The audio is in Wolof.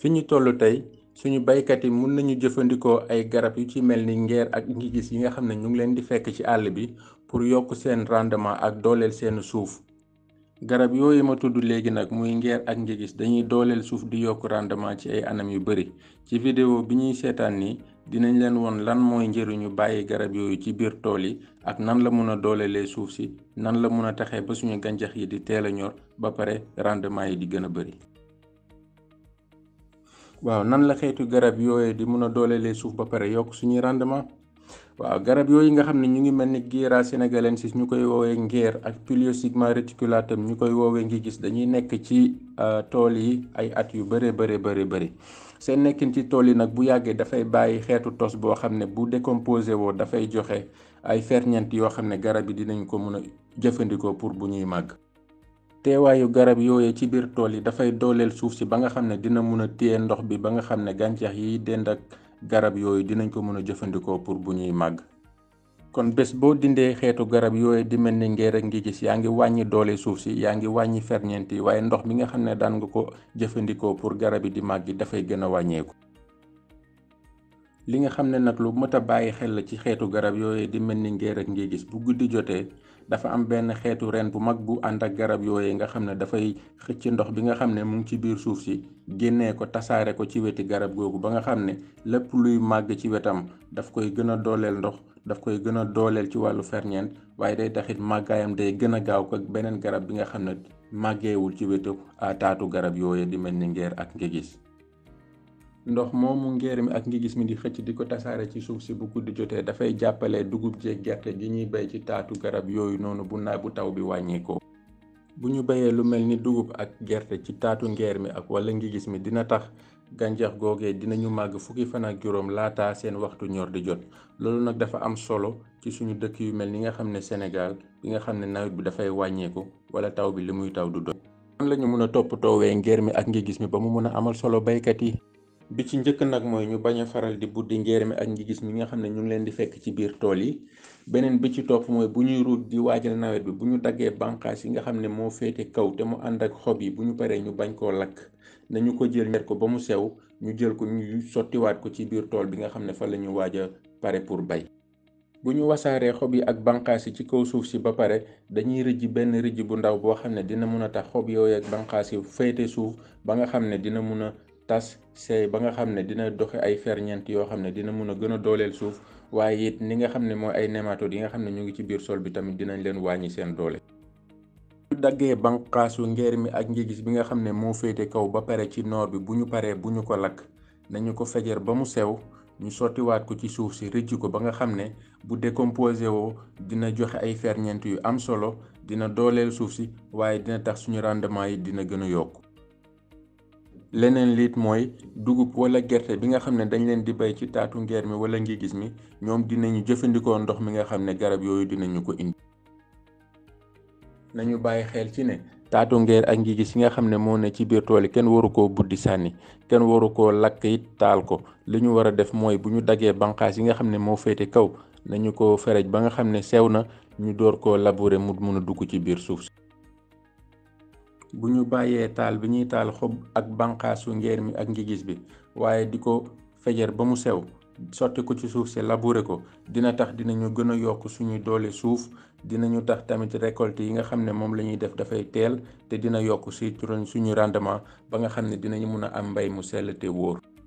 fi ñu toll tey suñu baykat yi mun nañu jëfandikoo ay garab yu ci mel ni ngeer ak ngigis yi nga xam ne ñu ngi leen di fekk ci àll bi pour yokk seen rendement ak dooleel seen suuf garab yooyu ma tudd léegi nag muy ngeer ak njigis dañuy dooleel suuf di yokk rendement ci ay anam yu bari ci vidéo bi ñuy seetaan nii dinañ leen won lan mooy njëriñu bàyyi garab yooyu ci biir tool yi ak nan la mun a doolelee suuf si nan la mun a taxee ba suñu gàncax yi di teel a ñor ba pare rendement yi di gën a bari waaw nan la xeetu garab yooyu di mun a doolelee suuf ba pare yokk suñuy rendement waaw garab yooyu nga xam ne ñu ngi mel ni Guiera senegalensis ñu koy woowee ngeer ak Piliostigma reticulatum ñu koy woowee ngi gis dañuy nekk ci euh, tool yi ay at yu bëree bëri bëri bëri seen nekkin ci tool yi nag bu yàggee dafay bàyyi xeetu toos boo xam ne bu décomposé woo dafay joxe ay ferñent yoo xam ne garab yi dinañ ko mun a jëfandikoo pour bu ñuy màgg. teewaayu garab yooye ci biir tool yi dafay dooleel suuf si ba nga xam ne dina mun a téye ndox bi ba nga xam ne gàncax yi dend ak garab yooyu dinañ ko mën a jëfandikoo pour bu ñuy màgg kon bés boo dindee xeetu garab yooyu di mel ni ngeer ak ngi gis yaa ngi wàññi doole suuf si yaa ngi wàññi ferñeent yi waaye ndox mi nga xam ne daan nga ko jëfandikoo pour garab yi di màgg dafay gën a wàññeeku. li nga xam ne nag lu mët a bàyyi xel la ci xeetu garab yooyu di mel ni ngeer ak ngi gis bu guddi jotee dafa am benn xeetu ren bu mag bu ànd ak garab yooyu nga xam ne dafay xëcc ndox bi nga xam ne mu ngi ci biir suuf si génnee ko tasaare ko ci weti garab googu ba nga xam ne lépp luy màgg ci wetam daf koy gën a dooleel ndox daf koy gën a dooleel ci wàllu ferñeent waaye day taxit màggaayam day gën a gaaw ko beneen garab bi nga xam ne màggeewul ci wetu ah, taatu garab yooyu di mel ni ngeer ak gis ndox moomu ngeer mi ak ngi gis mi di xëcc di ko tasaare ci suuf si bu guddi jotee dafay jàppale dugub jeeg gerte gi ñuy bay ci taatu garab yooyu noonu bu naaj bu taw bi wàññeekoo. bu ñu bayee lu mel ni dugub ak gerte ci taatu ngeer mi ak wala gis mi dina tax gàncax googee dinañu màgg fukki fan ak juróom laata seen waxtu ñor di jot loolu nag dafa am solo ci suñu dëkk yu mel ni nga xam ne Sénégal bi nga xam ne nawet bi dafay wàññeeku wala taw bi li muy taw du doy. mën a toppatoowee ngeer mi ak ngigis mi ba mu mën a amal solo baykat yi. bi ci njëkk nag mooy ñu bañ a faral di buddi njeer mi ak ngi gis mi nga xam ne ñu ngi leen di fekk ci biir tool yi beneen bi ci topp mooy bu ñuy ruut di waajal nawet bi bu ñu daggee bànqaas yi nga xam ne moo féete kaw te mu ànd ak xob yi bu ñu paree ñu bañ koo lakk nañu ko jël ko ba mu sew ñu jël ko sottiwaat ko ci biir tool bi nga xam ne fa la ñu waaj pare pour bay bu ñu wasaaree xob yi ak bànqaas yi ci kaw suuf si ba pare dañuy rëjj benn rëjj bu ndaw boo xam ne dina mun a tax xob yooyu ak bànqaas yi féete suuf ba nga xam ne dina mun a tas seey ba nga xam ne dina doxe ay ferñeent yoo xam ne dina mun a gën a dooleel suuf waaye it ni nga xam ne mooy ay nématodes yi nga xam ne ñu ngi ci biir sol bi tamit dinañ leen wàññi seen doole. bu ñu daggee banqaasu mi ak ngigis bi nga xam ne moo féete kaw ba pare ci noor bi bu ñu paree bu ñu ko lakk nañu ko fajar ba mu sew ñu sottiwaat ko ci suuf si rëcc ko ba nga xam ne bu décomposé woo dina joxe ay ferñeent yu am solo dina dooleel suuf si waaye dina tax suñu rendement yi dina gën a yokk. leneen liit mooy dugub wala gerte bi nga xam ne dañ leen di bay ci taatu ngeer mi wala ngi gis mi ñoom dinañu jëfandikoo ndox mi nga xam ne garab yooyu dinañu ko indi nañu bàyyi xeel ci ne taatu ngeer ak ngi gis yi nga xam ne moo ne ci biir tool yi kenn waru ko buddi sànni kenn waru koo lakk it taal ko li ñu war a def mooy bu ñu dagee banqaas yi nga xam ne moo féete kaw nañu ko ferej ba nga xam ne sew na ñu door ko labourer mu mun a dugg ci biir suuf si bu ñu bàyyee taal bi ñuy taal xob ak bànqaasu ngeer mi ak ngigis bi waaye di ko fejer ba mu sew sotti ko ci suuf si labouré ko dina tax dinañu gën a yokk suñu doole suuf dinañu tax tamit récolte yi nga xam ne moom la ñuy def dafay teel te dina yokk si suñu rendement ba nga xam ne dinañu mun a am mbay mu sell te wóor